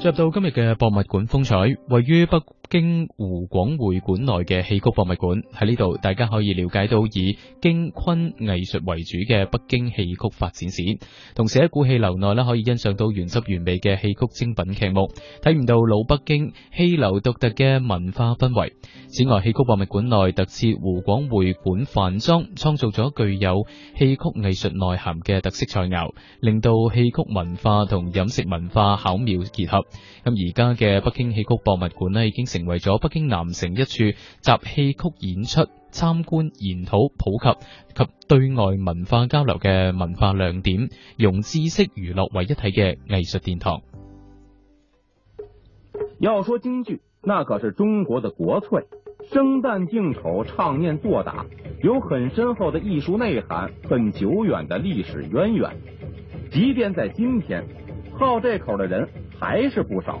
進入到今日嘅博物館風采，位於北。京湖廣會館內嘅戲曲博物館喺呢度，大家可以了解到以京昆藝術為主嘅北京戲曲發展史。同時喺古戲樓內呢，可以欣賞到原汁原味嘅戲曲精品劇目，體驗到老北京戲樓獨特嘅文化氛圍。此外，戲曲博物館內特設湖廣會館飯莊，創造咗具有戲曲藝術內涵嘅特色菜肴，令到戲曲文化同飲食文化巧妙結合。咁而家嘅北京戲曲博物館呢，已經成。成為咗北京南城一處集戲曲演出、參觀、研討、普及及對外文化交流嘅文化亮點，用知識娛樂為一體嘅藝術殿堂。要說京劇，那可是中國的國粹，生旦淨丑唱念做打，有很深厚的藝術內涵，很久遠的歷史淵源。即便在今天，好這口的人還是不少。